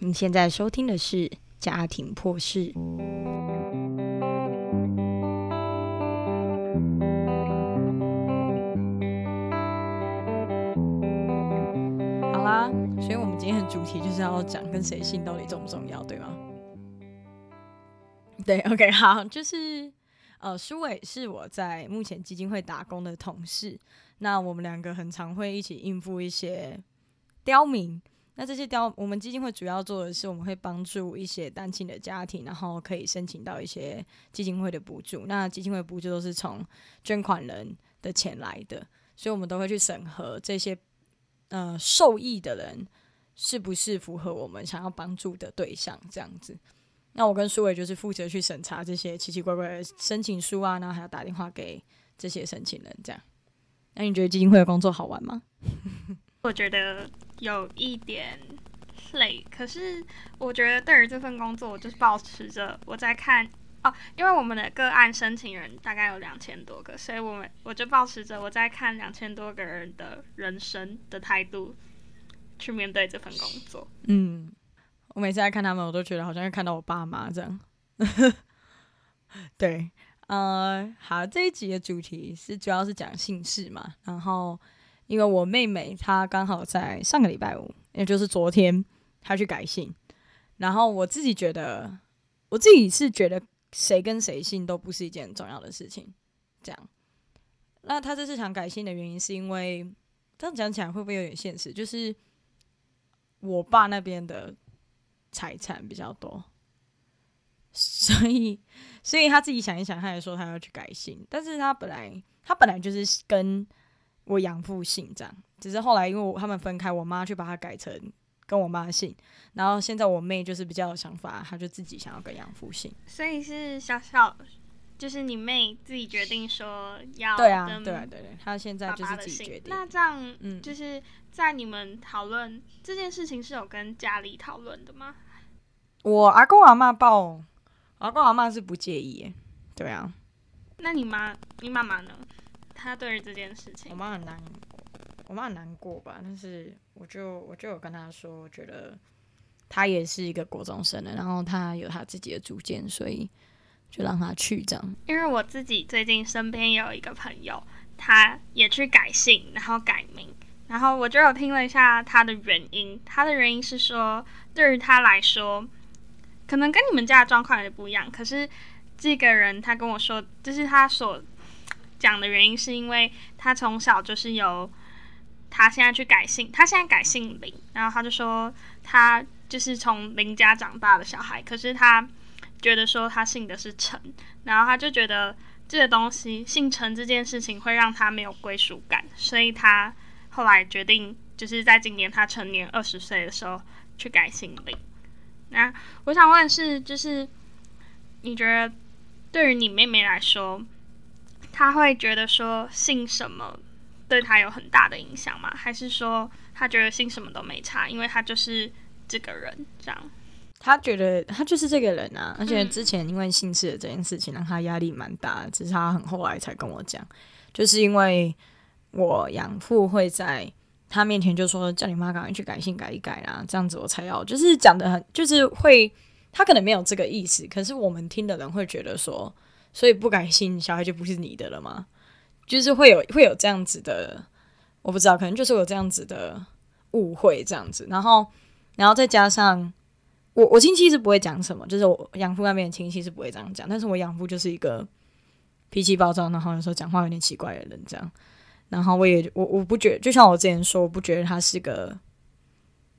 你現在收聽的是《家庭破事》。好啦，所以我們今天的主題就是要講跟誰姓到底重不重要，對嗎？對，OK，好，就是呃，書偉是我在目前基金會打工的同事，那我們兩個很常會一起應付一些刁民。那這些雕，我們基金會主要做的是，我們會幫助一些單親的家庭，然後可以申請到一些基金會的補助。那基金會補助都是從捐款人的錢來的，所以我們都會去審核這些呃受益的人是不是符合我們想要幫助的對象。這樣子，那我跟蘇偉就是負責去審查這些奇奇怪怪的申請書啊，然後還要打電話給這些申請人。這樣，那你覺得基金會的工作好玩嗎？ 我覺得有一點累，可是我覺得對於這份工作，我就是抱持着我在看哦，因為我們的個案申請人大概有兩千多個，所以我們我就抱持着我在看兩千多個人的人生的態度去面對這份工作。嗯，我每次在看他們，我都覺得好像要看到我爸媽這樣。 對，呃，好，這一集的主題是主要是講姓氏嘛，然後。因為我妹妹她剛好在上個禮拜五，也就是昨天，她去改姓。然後我自己覺得，我自己是覺得誰跟誰姓都不是一件很重要的事情。這樣，那她這次想改姓的原因是因為，這樣講起來會不會有點現實？就是我爸那邊的財產比較多，所以，所以她自己想一想，她也說她要去改姓。但是她本來，她本來就是跟。我養父姓張，只是後來因為我他們分開，我媽去把它改成跟我媽姓，然後現在我妹就是比較有想法，她就自己想要跟養父姓。所以是小小，就是你妹自己決定說要爸爸。對啊，對啊，對對，她現在就是自己決定。那這樣，就是在你們討論、嗯、這件事情是有跟家裡討論的嗎？我阿公阿嬤不，阿公阿嬤是不介意，對啊。那你媽，你媽媽呢？他對於這件事情，我媽很難，我媽很難過吧。但是我就我就有跟他說，我覺得他也是一個國中生了，然後他有他自己的主見，所以就讓他去這樣。因為我自己最近身邊有一個朋友，他也去改姓，然後改名，然後我就有聽了一下他的原因。他的原因是說，對於他來說，可能跟你們家的狀況也不一樣。可是這個人他跟我說，就是他所講的原因是因為他從小就是由，他現在去改姓，他現在改姓林，然後他就說他就是從林家長大的小孩，可是他覺得說他姓的是陳，然後他就覺得這個東西姓陳這件事情會讓他沒有歸屬感，所以他後來決定就是在今年他成年二十歲的時候去改姓林。那我想問是，就是你覺得對於你妹妹來說，他會覺得說姓什麼對他有很大的影響嗎？還是說他覺得姓什麼都沒差，因為他就是這個人這樣？他覺得他就是這個人啊！而且之前因為姓氏的這件事情，讓、嗯、他壓力蠻大的。只是他很後來才跟我講，就是因為我養父會在他面前就說：“叫你媽趕緊去改姓改一改啦、啊！”這樣子我才要就是講的很就是會，他可能沒有這個意思，可是我們聽的人會覺得說。所以不改姓，小孩就不是你的了嗎？就是會有會有這樣子的，我不知道，可能就是有這樣子的誤會這樣子。然後，然後再加上我，我親戚是不會講什麼，就是我養父那邊的親戚是不會這樣講。但是我養父就是一個脾氣暴躁，然後有時候講話有點奇怪的人這樣。然後我也我我不覺，就像我之前說，我不覺得他是個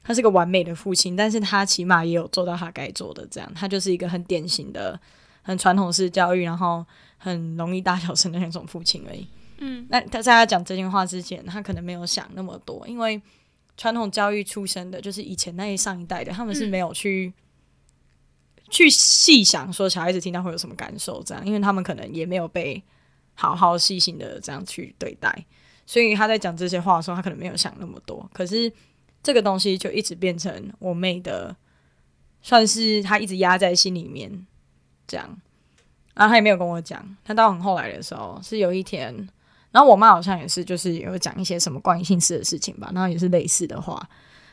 他是個完美的父親，但是他起碼也有做到他該做的這樣。他就是一個很典型的。很傳統式教育，然後很容易大小聲的那種父親而已。嗯，那他在他講這些話之前，他可能沒有想那麼多，因為傳統教育出身的，就是以前那一上一代的，他們是沒有去、嗯、去細想說小孩子聽到會有什麼感受，這樣，因為他們可能也沒有被好好細心的這樣去對待，所以他在講這些話的時候，他可能沒有想那麼多。可是這個東西就一直變成我妹的，算是他一直壓在心裡面。講，然後他也沒有跟我講。他到很後來的時候，是有一天，然後我媽好像也是，就是有講一些什麼關於姓氏的事情吧，然後也是類似的話。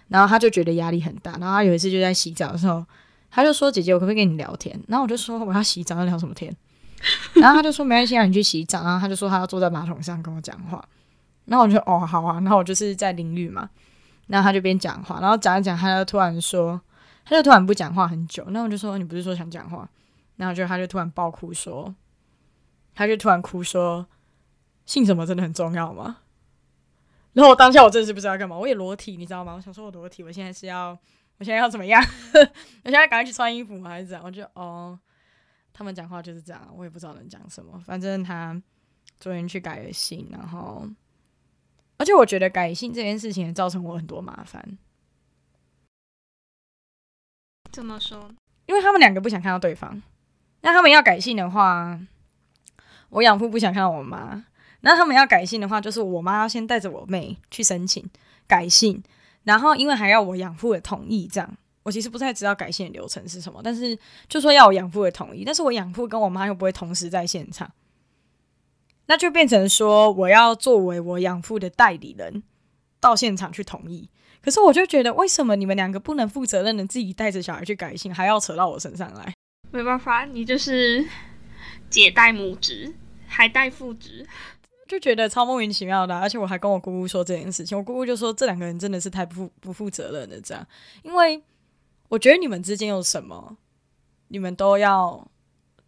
然後他就覺得壓力很大。然後她有一次就在洗澡的時候，他就說：“姐姐，我可不可以跟你聊天？”然後我就說：“我要洗澡，要聊什麼天？”然後他就說：“ 沒關係啊，你去洗澡。”然後他就說：“他要坐在馬桶上跟我講話。”然後我就：“哦，好啊。”然後我就是在淋浴嘛。那他就邊講話，然後講一講，他就突然說：“他就突然不講話很久。”那我就說：“你不是說想講話？”然後就他，就突然爆哭說，他就突然哭說，姓什麼真的很重要嗎？然後我當下我真的是不知道要幹嘛，我也裸體，你知道嗎？我想說，我裸體，我現在是要，我現在要怎麼樣？ 我現在趕快去穿衣服嗎還是怎樣？我就哦，他們講話就是這樣，我也不知道能講什麼。反正他昨天去改了姓，然後，而且我覺得改姓這件事情也造成我很多麻煩。怎麼說？因為他們兩個不想看到對方。那他們要改姓的話，我養父不想看到我媽。那他們要改姓的話，就是我媽要先帶着我妹去申請改姓，然後因為還要我養父的同意。這樣我其實不太知道改姓的流程是什麼，但是就說要我養父的同意，但是我養父跟我媽又不會同時在現場，那就變成說我要作為我養父的代理人到現場去同意。可是我就覺得，為什麼你們兩個不能負責任的自己帶着小孩去改姓，還要扯到我身上來？沒辦法，你就是姐帶母職，還帶父職，就覺得超莫名其妙的啊。而且我還跟我姑姑說這件事情，我姑姑就說這兩個人真的是太不負不負責任了，這樣。因為我覺得你們之間有什麼，你們都要。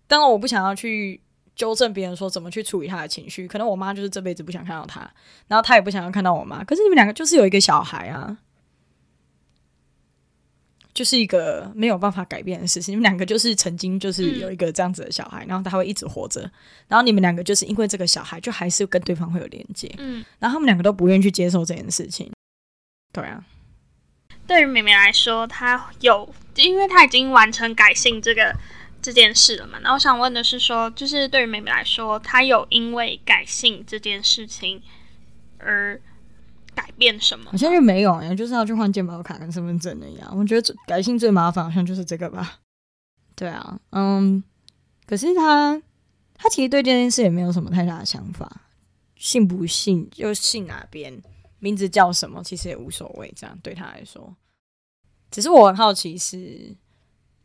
當然，我不想要去糾正別人說怎麼去處理他的情緒。可能我媽就是這輩子不想看到他，然後他也不想要看到我媽。可是你們兩個就是有一個小孩啊。就是一個沒有辦法改變的事情。你們兩個就是曾經就是有一個這樣子的小孩，嗯、然後他會一直活着，然後你們兩個就是因為這個小孩，就還是跟對方會有連接。嗯，然後他們兩個都不願意去接受這件事情。對啊，對於妹妹來說，她有，因為她已經完成改姓這個這件事了嘛。那我想問的是說，說就是對於妹妹來說，她有因為改姓這件事情而。改變什麼？好像就沒有、欸，也就是要去換健保卡跟身份證的一樣。我覺得改姓最麻煩，好像就是這個吧。對啊，嗯，可是他他其實對這件事也沒有什麼太大的想法，姓不姓又姓哪邊，名字叫什麼其實也無所謂。這樣對他來說，只是我很好奇是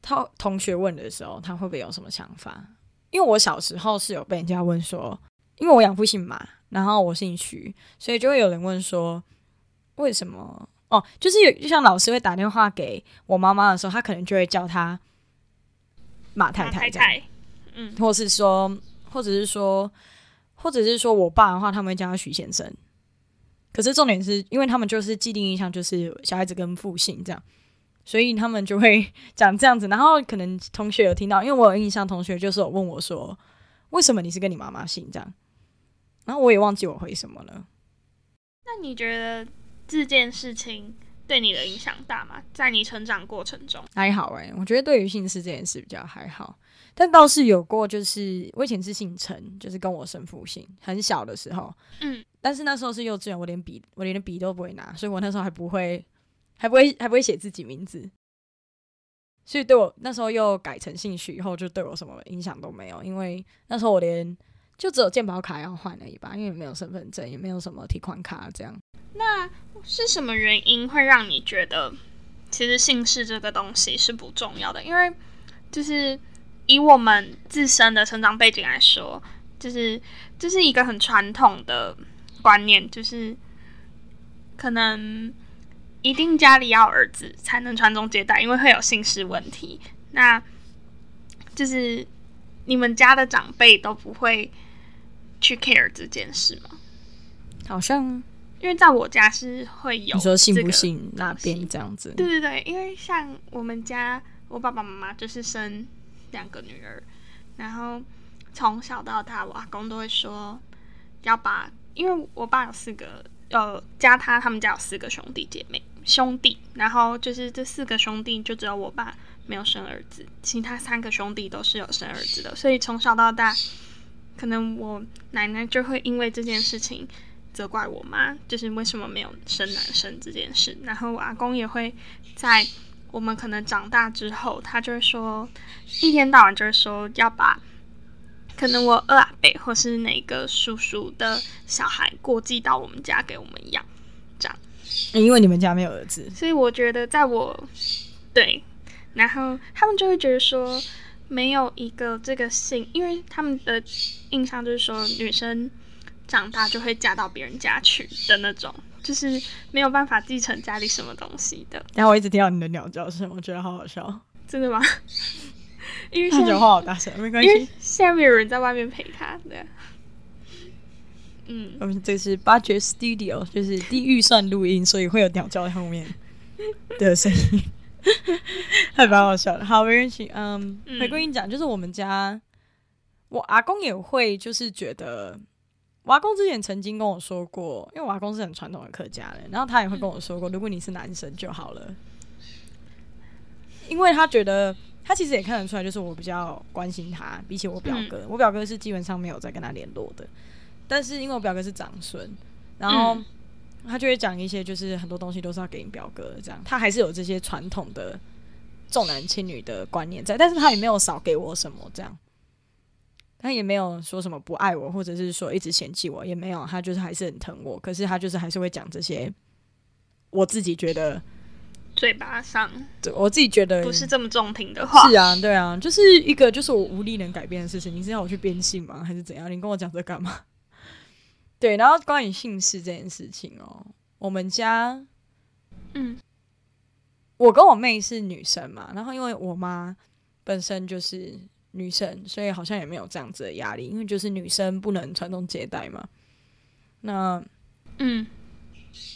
他同學問的時候，他會不會有什麼想法？因為我小時候是有被人家問說。因為我養父姓馬，然後我姓徐，所以就會有人問說為什麼？哦，就是有就像老師會打電話給我媽媽的時候，她可能就會叫她馬、馬太太，嗯，或是說，或者是說，或者是說我爸的話，他們會叫她徐先生。可是重點是，因為他們就是既定印象，就是小孩子跟父姓這樣，所以他們就會講這樣子。然後可能同學有聽到，因為我有印象，同學就是有問我說，為什麼你是跟你媽媽姓這樣？然後我也忘記我回什麼了。那你覺得這件事情對你的影響大嗎？在你成長過程中？還好誒、欸，我覺得對於姓氏這件事比較還好，但倒是有過，就是我以前是姓陳，就是跟我生父姓。很小的時候，嗯，但是那時候是幼稚園，我連筆我連筆都不會拿，所以我那時候還不會還不會還不會寫自己名字，所以對我那時候又改成姓許，以後就對我什麼影響都沒有，因為那時候我連。就只有健保卡要換而已吧，因為沒有身份證，也沒有什麼提款卡這樣。那是什麼原因會讓你覺得其實姓氏這個東西是不重要的？因為就是以我們自身的成長背景來說，就是這、就是一個很傳統的觀念，就是可能一定家裡要兒子才能傳宗接代，因為會有姓氏問題。那就是。你們家的長輩都不會去 care 這件事嗎？好像，因為在我家是會有你說信不信那邊這樣子。對對對，因為像我們家，我爸爸媽媽就是生兩個女兒，然後從小到大，我阿公都會說要把，因為我爸有四個，呃，加他他們家有四個兄弟姐妹。兄弟，然後就是這四個兄弟，就只有我爸沒有生兒子，其他三個兄弟都是有生兒子的。所以從小到大，可能我奶奶就會因為這件事情責怪我媽，就是為什麼沒有生男生這件事。然後我阿公也會在我們可能長大之後，他就是說，一天到晚就是說要把可能我二阿伯或是哪個叔叔的小孩過繼到我們家給我們養，這樣。因為你們家沒有兒子，所以我覺得在我對，然後他們就會覺得說沒有一個這個姓，因為他們的印象就是說女生長大就會嫁到別人家去的那種，就是沒有辦法繼承家裡什麼東西的。但我一直聽到你的鳥叫聲，我覺得好好笑。真的嗎？ 因為他講話好大聲，沒關係，下面有人在外面陪他，對。嗯，我們這是 budget studio，就是低預算錄音，所以會有鳥叫在後面的聲音。 太蠻好笑的，好，沒關係。Um, 嗯，回過頭講，就是我們家我阿公也會，就是覺得，我阿公之前曾經跟我說過，因為我阿公是很傳統的客家人，然後他也會跟我說過，嗯、如果你是男生就好了，因為他覺得他其實也看得出來，就是我比較關心他，比起我表哥，嗯、我表哥是基本上沒有在跟他聯絡的。但是因為我表哥是長孫，然後他就會講一些，就是很多東西都是要給你表哥的，這樣他還是有這些傳統的重男輕女的觀念在，但是他也沒有少給我什麼，這樣他也沒有說什麼不愛我，或者是說一直嫌棄我，也沒有，他就是還是很疼我，可是他就是還是會講這些，我自己覺得嘴巴上，對我自己覺得不是這麼中聽的話，是啊，對啊，就是一個就是我無力能改變的事情，你是要我去變性嗎？還是怎樣？你跟我講這干嘛？對，然後關於姓氏這件事情哦，我們家，嗯，我跟我妹是女生嘛，然後因為我媽本身就是女生，所以好像也沒有這樣子的壓力，因為就是女生不能傳宗接代嘛。那，嗯，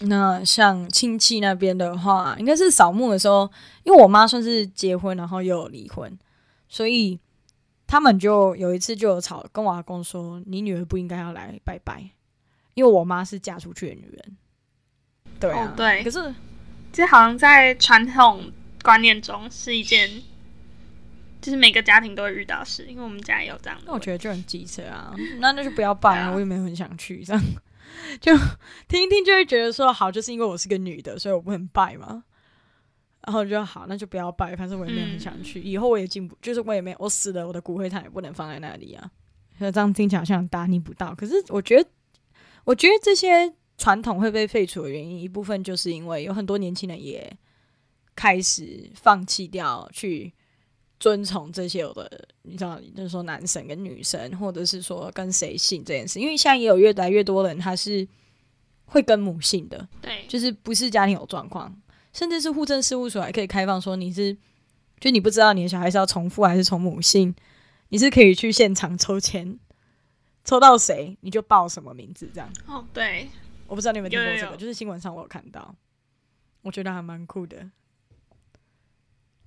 那像親戚那邊的話，應該是掃墓的時候，因為我媽算是結婚，然後又有離婚，所以他們就有一次就有吵，跟我阿公說：“你女兒不應該要來，拜拜。”因為我媽是嫁出去的女人，對、啊哦，對。可是這好像在傳統觀念中是一件，噓就是每個家庭都會遇到事。因為我們家也有這樣的，我覺得就很機車啊。那那就不要拜了，啊、我也沒很想去這樣，就聽一聽就會覺得說好，就是因為我是個女的，所以我不能拜嘛。然後就好，那就不要拜，反正我也沒很想去。嗯、以後我也進不，就是我也沒，我死了，我的骨灰壇也不能放在那裡啊。那這樣聽起來好像大逆不道，可是我覺得。我覺得這些傳統會被廢除的原因，一部分就是因為有很多年輕人也開始放棄掉去遵從這些有的，你知道，就是說男生跟女生，或者是說跟誰姓這件事。因為現在也有越來越多人，他是會跟母姓的，對，就是不是家庭有狀況，甚至是戶政事務所還可以開放說你是，就你不知道你的小孩是要從父還是從母姓，你是可以去現場抽籤。抽到誰你就報什麼名字，這樣。哦，oh, 對，我不知道你有沒有聽過這個，有有就是新聞上我有看到，我覺得還蠻酷的。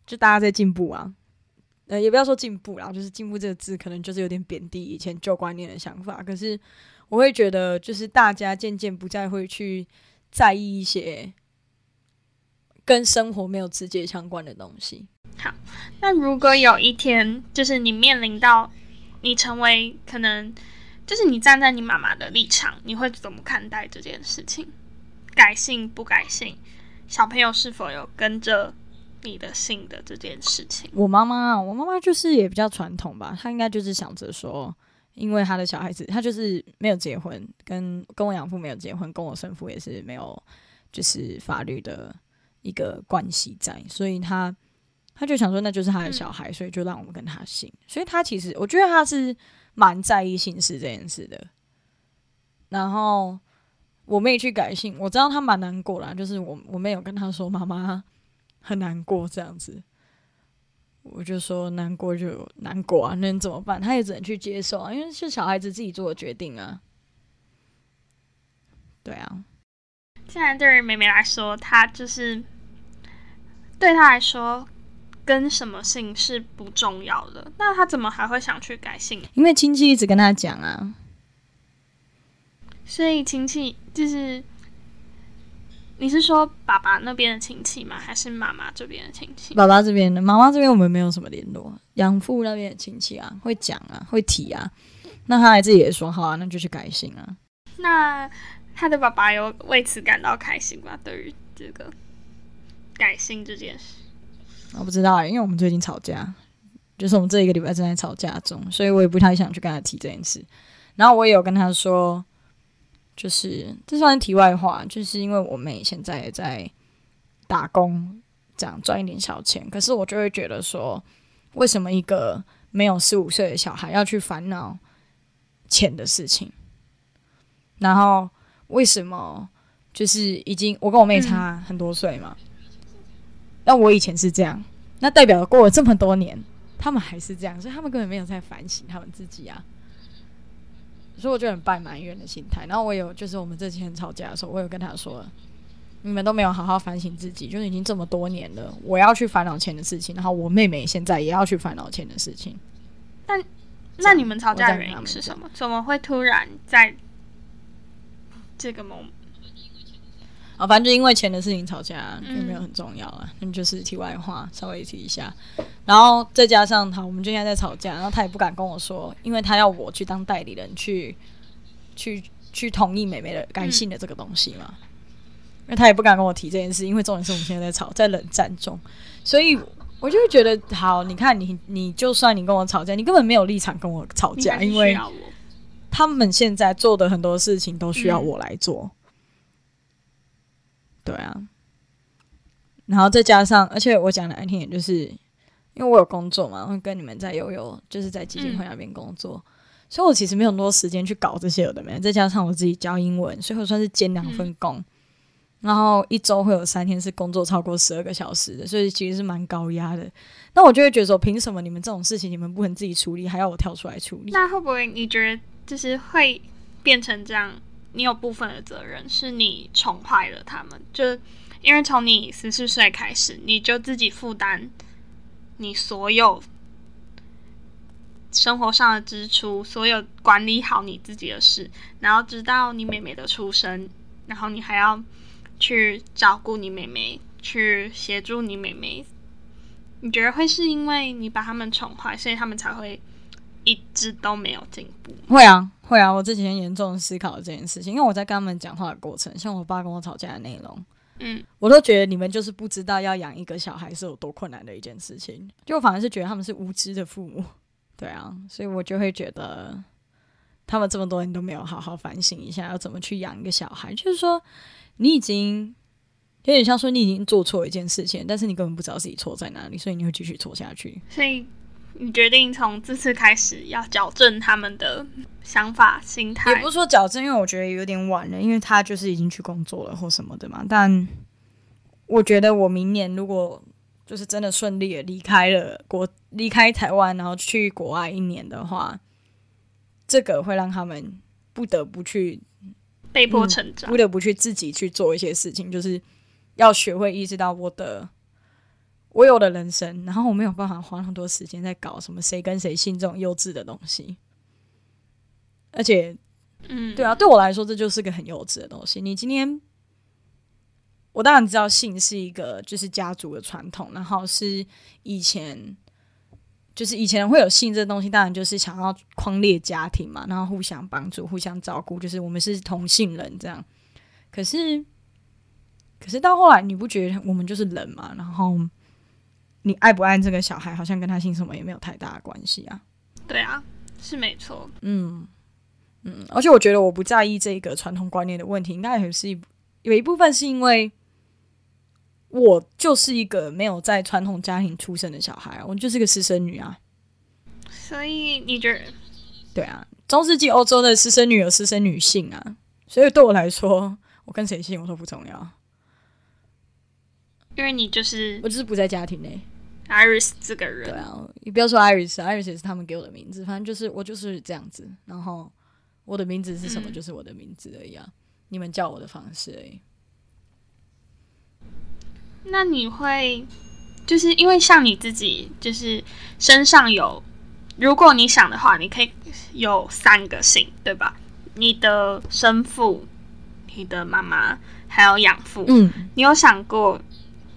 就大家在進步啊，呃，也不要說進步啦，就是進步這個字可能就是有點貶低以前舊觀念的想法。可是我會覺得，就是大家漸漸不再會去在意一些跟生活沒有直接相關的東西。好，那如果有一天，就是你面臨到你成為可能。就是你站在你媽媽的立場，你會怎麼看待這件事情？改姓不改姓？小朋友是否有跟着你的姓的這件事情？我媽媽，我媽媽就是也比較傳統吧，她應該就是想着說，因為她的小孩子，她就是沒有結婚，跟跟我養父沒有結婚，跟我生父也是沒有，就是法律的一個關係在，所以她她就想說，那就是她的小孩，嗯，所以就讓我們跟她姓，所以她其實我覺得她是。蠻在意姓氏這件事的，然後我妹去改姓，我知道她蠻難過了，就是我我沒有跟她說，媽媽很難過這樣子，我就說難過就難過啊，能怎麼辦？她也只能去接受啊，因為是小孩子自己做的決定啊。對啊，現在對於妹妹來說，她就是對她來說。跟什麼姓是不重要的,那他怎麼還會想去改姓？因為親戚一直跟他講啊。所以親戚就是，你是說爸爸那邊的親戚嗎？還是媽媽這邊的親戚？爸爸這邊的，媽媽這邊我們沒有什麼聯絡，養父那邊的親戚啊，會講啊，會提啊，那他還自己也說好啊，那就去改姓啊。那他的爸爸有為此感到開心嗎？對於這個改姓這件事？我不知道欸，因為我們最近吵架，就是我們這一個禮拜正在吵架中，所以我也不太想去跟他提這件事。然後我也有跟他說，就是這算是題外話，就是因為我妹現在也在打工，這樣賺一點小錢。可是我就會覺得說，為什麼一個沒有十五歲的小孩要去煩惱錢的事情？然後為什麼就是已經我跟我妹差很多歲嘛？嗯那我以前是這樣，那代表過了這麼多年，他們還是這樣，所以他們根本沒有在反省他們自己啊。所以我就得很怪埋怨的心態。然後我有就是我們這幾天吵架的時候，我有跟他說，你們都沒有好好反省自己，就是已經這麼多年了，我要去煩惱錢的事情，然後我妹妹現在也要去煩惱錢的事情。那但樣那你們吵架的原因是什麼？在怎麼會突然在這個 moment？啊，反正就因為錢的事情吵架，也沒有很重要了，嗯、那麼就是題外話，稍微提一下。然後再加上，他，我們就現在在吵架，然後他也不敢跟我說，因為他要我去當代理人，去去去同意妹妹的改姓的這個東西嘛。因為、嗯、他也不敢跟我提這件事，因為重點是我們現在在吵，在冷戰中，所以我就會覺得，好，你看你你就算你跟我吵架，你根本沒有立場跟我吵架，因為他們現在做的很多事情都需要我來做。嗯對啊，然後再加上，而且我講難聽點就是因為我有工作嘛，我跟你們在悠悠就是在基金會那邊工作，嗯、所以我其實沒有很多時間去搞這些有的沒的。再加上我自己教英文，所以我算是兼兩份工，嗯、然後一周會有三天是工作超過十二個小時的，所以其實是蠻高壓的。那我就會覺得說，憑什麼你們這種事情你們不能自己處理，還要我跳出來處理？那會不會你覺得就是會變成這樣？你有部分的責任，是你寵壞了他們。就因為從你十四歲開始，你就自己負擔你所有生活上的支出，所有管理好你自己的事，然後直到你妹妹的出生，然後你還要去照顧你妹妹，去協助你妹妹。你覺得會是因為你把他們寵壞，所以他們才會？一直都沒有進步。會啊，會啊！我這幾天嚴重思考了這件事情，因為我在跟他們講話的過程，像我爸跟我吵架的內容，嗯，我都覺得你們就是不知道要養一個小孩是有多困難的一件事情，就反而是覺得他們是無知的父母。對啊，所以我就會覺得他們這麼多年都沒有好好反省一下，要怎麼去養一個小孩。就是說，你已經有點像說你已經做錯一件事情，但是你根本不知道自己錯在哪裡，所以你會繼續錯下去。所以。你決定從這次開始要矯正他們的想法、心態，也不是說矯正，因為我覺得有點晚了，因為他就是已經去工作了或什麼的嘛。但我覺得我明年如果就是真的順利的離開了國，離開台灣，然後去國外一年的話，這個會讓他們不得不去被迫成長，嗯，不得不去自己去做一些事情，就是要學會意識到我的。我有的人生，然後我沒有辦法花很多時間在搞什麼誰跟誰姓這種幼稚的東西，而且，嗯，對啊，對我來說這就是個很幼稚的東西。你今天，我當然知道姓是一個就是家族的傳統，然後是以前，就是以前會有姓這東西，當然就是想要匡列家庭嘛，然後互相幫助、互相照顧，就是我們是同姓人這樣。可是，可是到後來你不覺得我們就是人嘛？然後。你愛不愛這個小孩，好像跟他姓什麼也沒有太大的關係啊。對啊，是沒錯。嗯嗯，而且我覺得我不在意這一個傳統觀念的問題，應該也是一也有一部分是因為我就是一個沒有在傳統家庭出生的小孩啊，我就是個私生女啊。所以你覺得？對啊，中世紀歐洲的私生女有私生女性啊，所以對我來說，我跟誰姓，我都不重要。因為你就是我，就是不在家庭內。Iris 這個人，對啊，你不要說 Iris，Iris 也是他們給我的名字。反正就是我就是這樣子，然後我的名字是什麼，就是我的名字而已啊。嗯，你們叫我的方式而已。那你會就是因為像你自己，就是身上有，如果你想的話，你可以有三個姓，對吧？你的生父、你的媽媽還有養父。嗯，你有想過？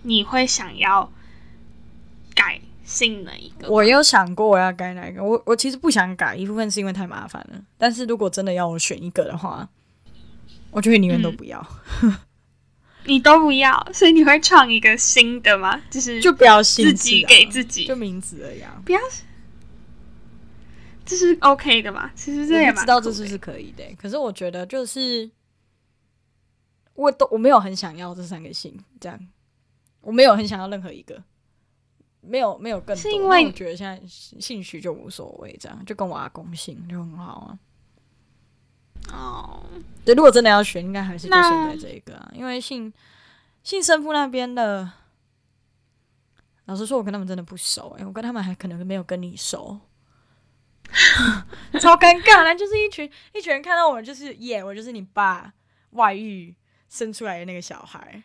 你會想要改姓的一個？我有想過我要改哪一個？我我其實不想改，一部分是因為太麻煩了。但是如果真的要我選一個的話，我覺得寧願都不要。嗯、 你都不要，所以你會創一個新的嗎？就是就不要姓自己給自己，就名字而已。不要，這是 OK 的嘛？其實這也知道這是是可以的、欸，可是我覺得就是我都我沒有很想要這三個姓這樣。我沒有很想要任何一個，沒有沒有更多，因為我覺得現在興趣就無所謂，這樣就跟我阿公姓就很好啊。哦，對，如果真的要選，應該還是就選在這一個啊,那因為姓姓生父那邊的，老實說，我跟他們真的不熟、欸，哎，我跟他們還可能沒有跟你熟， 超尷尬，那就是一群一群人看到我就是耶，yeah, 我就是你爸外遇生出來的那個小孩。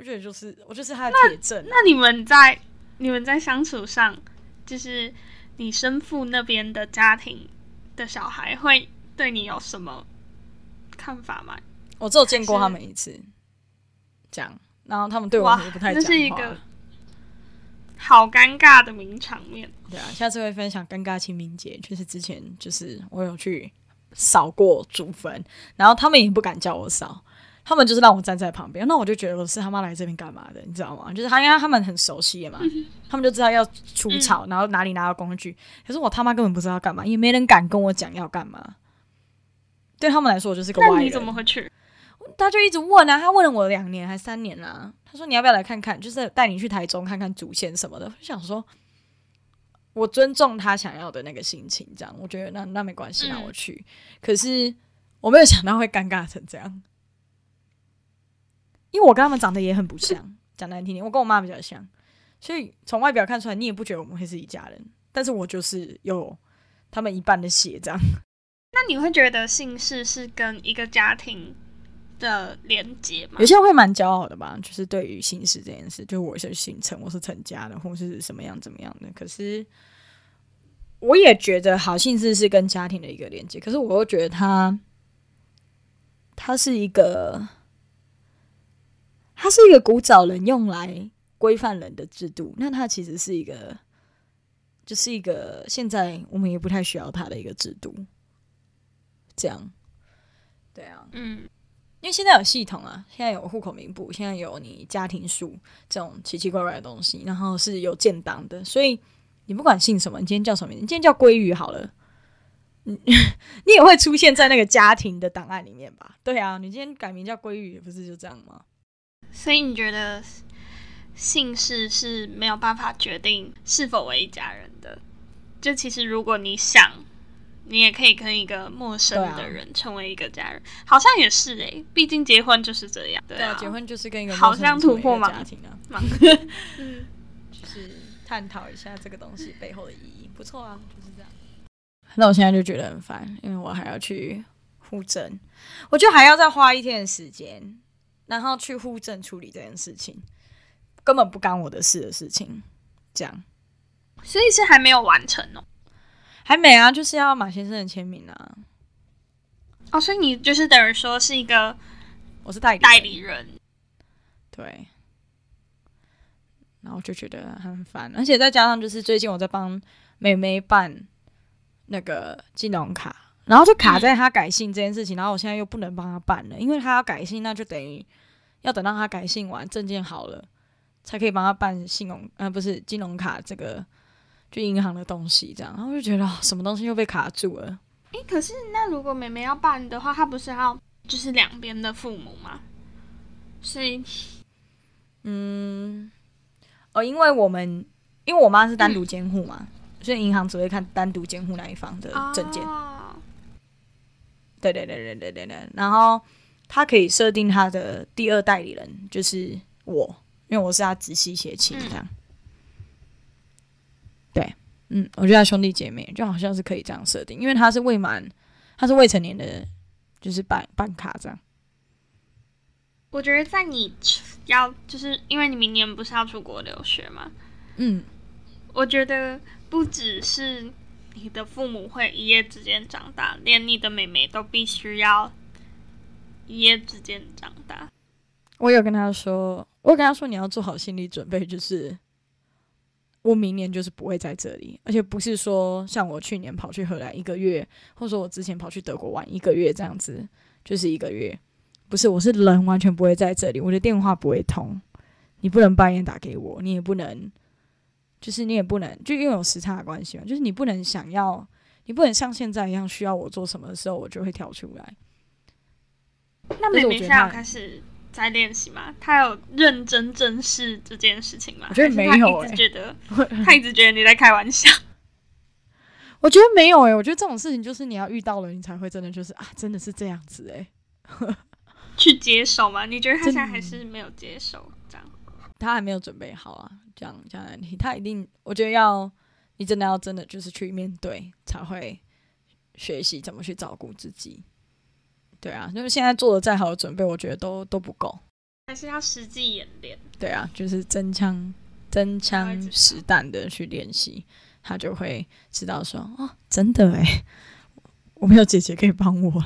我覺得就是，我就是他的鐵證、啊。那那你們在你們在相處上，就是你生父那邊的家庭的小孩會對你有什麼看法嗎？我只有見過他們一次，是這樣，然後他們對我哇不太講話。這是一個好尷尬的名場面。對啊，下次會分享尷尬清明節，就是之前就是我有去掃過祖墳，然後他們也不敢叫我掃。他們就是讓我站在旁邊，那我就覺得我是他媽來這邊幹嘛的，你知道嗎？就是他，因為他們很熟悉嘛，他們就知道要除草，嗯、然後哪裡拿到工具。可是我他媽根本不知道幹嘛，也沒人敢跟我講要幹嘛。對他們來說，我就是個外人。你怎麼會去？他就一直問啊，他問了我兩年還三年啦、啊。他說你要不要來看看，就是帶你去台中看看祖先什麼的。我就想說，我尊重他想要的那個心情，這樣我覺得那那沒關係，那我去。嗯、可是我沒有想到會尷尬成這樣。因為我跟他們長得也很不像，講、嗯、難聽點，我跟我媽比較像，所以從外表看出來，你也不覺得我們會是一家人。但是我就是有他們一半的血，這樣。那你會覺得姓氏是跟一個家庭的連接嗎？有些人會蠻驕傲的吧，就是對於姓氏這件事，就我是姓陳，我是陳家的，或是什麼樣怎麼樣的。可是我也覺得好，好姓氏是跟家庭的一個連接，可是我又覺得他他是一個。它是一個古早人用來規範人的制度，那它其實是一個，就是一個現在我們也不太需要它的一個制度。這樣，對啊，嗯，因為現在有系統啊，現在有戶口名簿，現在有你家庭樹這種奇奇怪怪的東西，然後是有建檔的，所以你不管姓什麼，你今天叫什麼名字，你今天叫鮭魚好了，你、嗯、 你也會出現在那個家庭的檔案裡面吧？對啊，你今天改名叫鮭魚，不是就這樣嗎？所以你覺得姓氏是沒有辦法決定是否為一家人的？就其實如果你想，你也可以跟一個陌生的人成為一個家人，啊，好像也是哎，欸，畢竟結婚就是這樣。對，啊，對啊，結婚就是跟一個陌生人一個，啊，好像突破嘛家庭啊，嗯， 就是探討一下這個東西背後的意義，不錯啊，就是這樣。那我現在就覺得很煩，因為我還要去戶政，我就得還要再花一天的時間。然後去戶政處理這件事情，根本不干我的事的事情，這樣，所以是還沒有完成哦？還沒啊，就是要馬先生的簽名啊，哦，所以你就是等於說是一個，我是代代理人，對，然後就覺得很煩，而且再加上就是最近我在幫妹妹辦那個金融卡。然後就卡在他改姓這件事情，然後我現在又不能幫他辦了，因為他要改姓，那就等於要等到他改姓完，證件好了，才可以幫他辦信用，呃，不是金融卡這個就銀行的東西這樣。然後我就覺得、哦、什麼東西又被卡住了。誒，可是那如果妹妹要辦的話，她不是要就是兩邊的父母嗎？所以，嗯，哦，因為我們因為我媽是單獨監護嘛，嗯、所以銀行只會看單獨監護那一方的證件。啊對對對對對對對，然後他可以設定他的第二代理人就是我，因為我是他直系血親這樣。嗯、對，嗯，我覺得他兄弟姐妹就好像是可以這樣設定，因為他是未滿，他是未成年的，就是辦辦卡這樣。我覺得在你要就是因為你明年不是要出國留學嗎？嗯，我覺得不只是。你的父母會一夜之間長大，連你的妹妹都必須要一夜之間長大。我有跟他說，我跟他說你要做好心理準備，就是我明年就是不會在這裡，而且不是說像我去年跑去荷蘭一個月，或者說我之前跑去德國玩一個月這樣子，就是一個月，不是，我是人完全不會在這裡，我的電話不會通，你不能半夜打給我，你也不能。就是你也不能，就因為有時差的關係嘛。就是你不能想要，你不能像現在一樣，需要我做什麼的時候，我就會跳出來。那妹妹現在有開始在練習嗎？他有認真正視這件事情嗎？我覺得沒有、欸，一直覺得他 一直覺得你在開玩笑。我覺得沒有哎、欸，我覺得這種事情就是你要遇到了，你才會真的就是啊，真的是這樣子哎、欸， 去接受嘛？你覺得他現在還是沒有接受這樣？他還沒有準備好啊。像將來你，他一定，我覺得要你真的要真的就是去面對，才會學習怎麼去照顧自己。對啊，就是現在做的再好的準備，我覺得都都不夠，還是要實際演練。對啊，就是真槍真槍實彈的去練習，他就會知道說，哦，真的耶，我沒有姐姐可以幫我。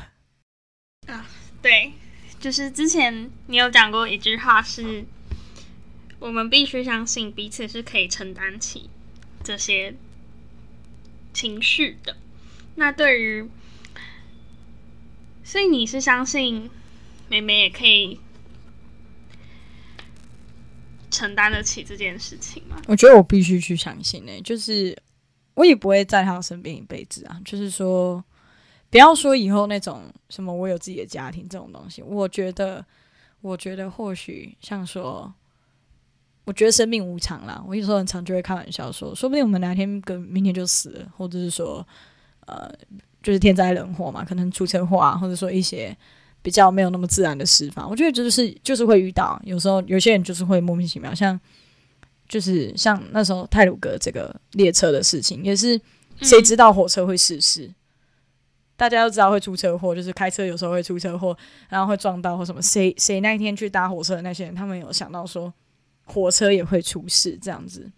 啊，對，就是之前你有講過一句話是。嗯我們必須相信彼此是可以承擔起這些情緒的。那對於，所以你是相信妹妹也可以承擔得起這件事情嗎？我覺得我必須去相信誒、欸，就是我也不會在他身邊一輩子啊。就是說，不要說以後那種什麼我有自己的家庭這種東西，我覺得，我覺得或許像說。我覺得生命無常啦。我有時候很常就會開玩笑說，說不定我們哪天跟明天就死了，或者是說，呃，就是天災人禍嘛，可能出車禍啊，或者說一些比較沒有那麼自然的死法。我覺得就是就是會遇到，有時候有些人就是會莫名其妙，像就是像那時候太魯閣這個列車的事情，也是誰知道火車會失事？嗯、大家都知道會出車禍，就是開車有時候會出車禍，然後會撞到或什麼。誰誰那一天去搭火車的那些人，他們有想到說？火車也會出事，這樣子，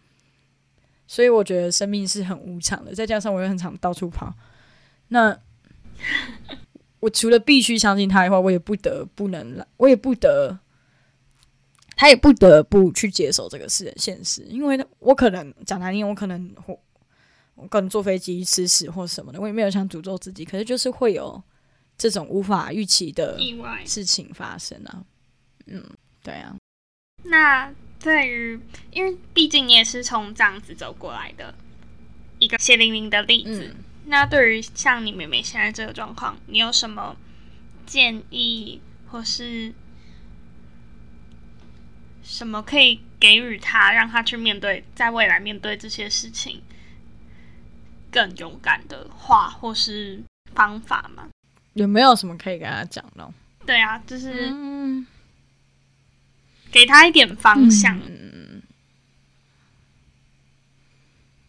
所以我覺得生命是很無常的，再加上我又很常到處跑，那 我除了必須相信他的話，我也不得不能，我也不得，他也不得不去接受這個事現實。因為我可能講難聽，我可能我我可能坐飛機失事或什麼的，我也沒有想詛咒自己，可是就是會有這種無法預期的事情發生啊。外嗯，對啊，那。對於，因為畢竟你也是從這樣子走過來的一個血淋淋的例子。嗯、那對於像你妹妹現在這個狀況，你有什麼建議，或是什麼可以給予她，讓她去面對，在未來面對這些事情更勇敢的話，或是方法嗎？有沒有什麼可以跟她講呢？對啊，就是。嗯給他一點方向。嗯，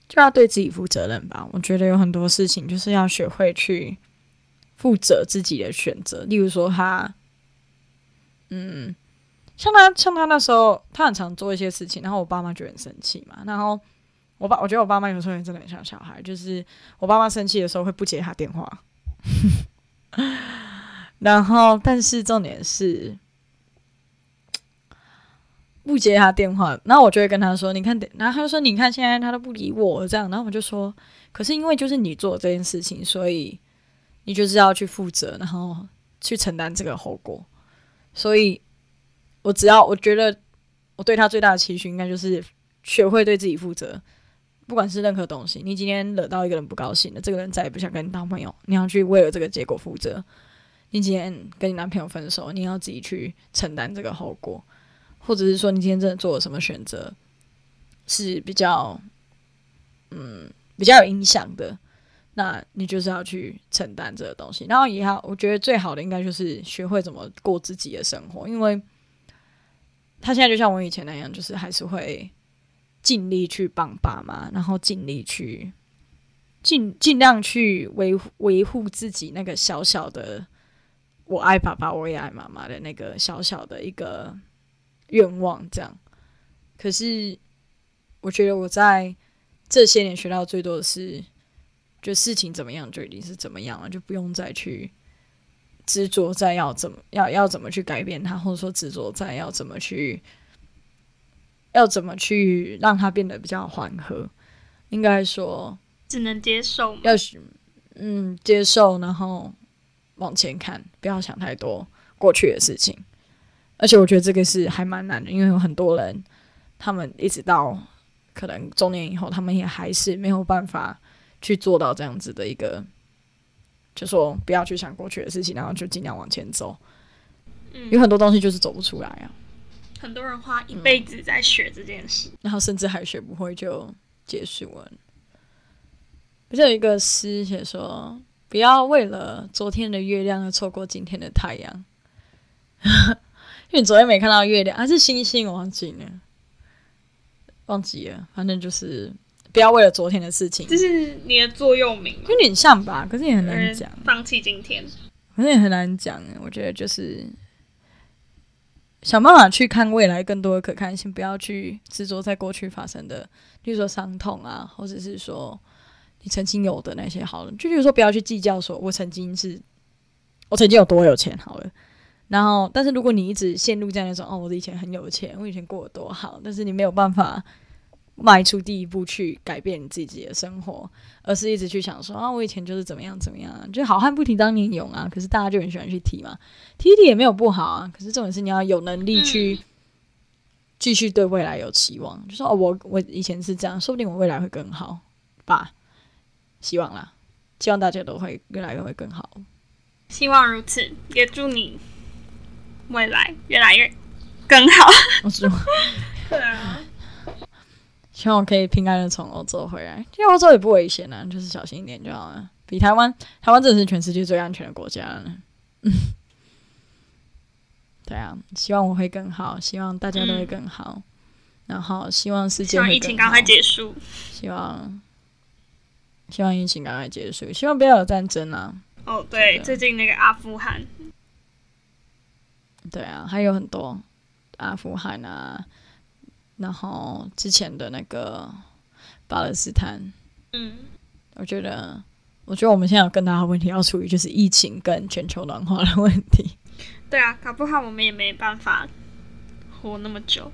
就要對自己負責任吧。我覺得有很多事情就是要學會去負責自己的選擇。例如說他，嗯，像他，像他那時候，他很常做一些事情，然後我爸媽就很生氣嘛。然後我爸，我覺得我爸媽有時候也真的很像小孩，就是我爸媽生氣的時候會不接他電話。 然後，但是重點是。不接他電話，然後我就會跟他說：“你看。”然後他就說：“你看，現在他都不理我，這樣。”然後我就說：“可是因為就是你做這件事情，所以你就是要去負責，然後去承擔這個後果。所以我只要我覺得，我對他最大的期許，應該就是學會對自己負責。不管是任何東西，你今天惹到一個人不高興了，這個人再也不想跟你當朋友，你要去為了這個結果負責。你今天跟你男朋友分手，你要自己去承擔這個後果。”或者是說你今天真的做了什麼選擇，是比較，嗯，比較有影響的，那你就是要去承擔這個東西。然後也好，我覺得最好的應該就是學會怎麼過自己的生活，因為他現在就像我以前那樣，就是還是會盡力去幫爸媽，然後盡力去盡盡量去維維護自己那個小小的“我愛爸爸，我也愛媽媽”的那個小小的一個。願望這樣，可是我覺得我在這些年學到最多的是，就事情怎麼樣就已經是怎麼樣了，就不用再去執着在要怎麼要要怎麼去改變它，或者說執着在要怎麼去要怎麼去讓它變得比較緩和。應該說，只能接受，要是嗯，接受，然後往前看，不要想太多過去的事情。而且我覺得這個是還蠻難的，因為有很多人，他們一直到可能中年以後，他們也還是沒有辦法去做到這樣子的一個，就說不要去想過去的事情，然後就盡量往前走。有、嗯、很多東西就是走不出來啊。很多人花一輩子在學這件事、嗯，然後甚至還學不會就結束了。不是有一個詩寫說：“不要為了昨天的月亮而錯過今天的太陽。 ”因為你昨天沒看到月亮，還、啊、是星星？我忘記了，忘記了。反正就是不要為了昨天的事情。這是你的座右銘，有點像吧？可是也很難講。放棄今天，反正也很難講。我覺得就是想辦法去看未來更多的可看性，不要去執着在過去發生的，例如說傷痛啊，或者是說你曾經有的那些好了，就比如說不要去計較說我曾經是我曾經有多有錢好了。然後，但是如果你一直陷入這樣一種哦，我以前很有錢，我以前過得多好，但是你沒有辦法邁出第一步去改變你自己的生活，而是一直去想說啊，我以前就是怎麼樣怎麼樣，就好漢不提當年勇啊。可是大家就很喜歡去提嘛，提一提也沒有不好啊。可是這種事你要有能力去繼續對未來有期望，嗯、就說哦，我我以前是這樣，說不定我未來會更好吧，希望啦，希望大家都會越來越會更好，希望如此，也祝你。未來越來越更好，我希望。對啊，希望我可以平安的從歐洲回來。因為歐洲也不危險啊，就是小心一點就好了。比台灣，台灣真的是全世界最安全的國家了。嗯， 對啊，希望我會更好，希望大家都會更好。嗯、然後希望世界，希望疫情趕快結束。希望，希望疫情趕快結束。希望不要有戰爭啊。哦，oh, 對，的最近那個阿富汗。對啊，還有很多阿富汗啊，然後之前的那個巴勒斯坦，嗯，我覺得，我覺得我們現在有更大的問題要處理，就是疫情跟全球暖化的問題。對啊，搞不好我們也沒辦法活那麼久。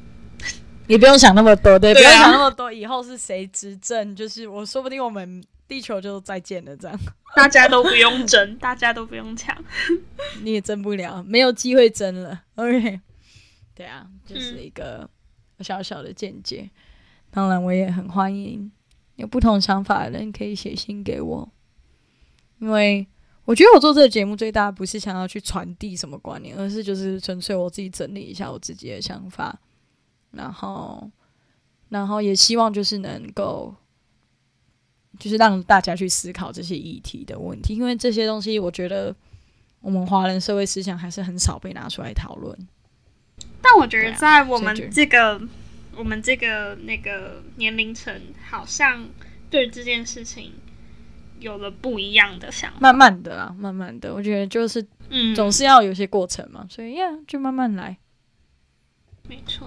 也 不用想那麼多，對，對啊、不用想那麼多，以後是誰執政，就是我說不定我們。地球就再見了，這樣大家都不用爭， 大家都不用搶， 你也爭不了，沒有機會爭了。OK，嗯，對啊，就是一個小小的見解。當然，我也很歡迎有不同想法的人可以寫信給我，因為我覺得我做這個節目最大不是想要去傳遞什麼觀念，而是就是純粹我自己整理一下我自己的想法，然後，然後也希望就是能夠。就是讓大家去思考這些議題的問題，因為這些東西，我覺得我們華人社會思想還是很少被拿出來討論。但我覺得，在我們這個、我們這個那個年齡層，好像對這件事情有了不一樣的想法。慢慢的啊，慢慢的，我覺得就是，嗯，總是要有些過程嘛，嗯、所以呀、yeah，就慢慢來。沒錯。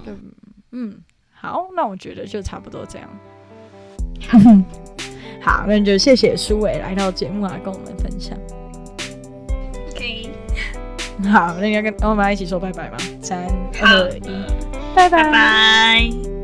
嗯，好，那我覺得就差不多這樣。 好，那就謝謝蘇偉來到節目來跟我們分享。OK 以。好，那要跟、哦、我們一起說拜拜嗎？三二一，拜拜。拜拜。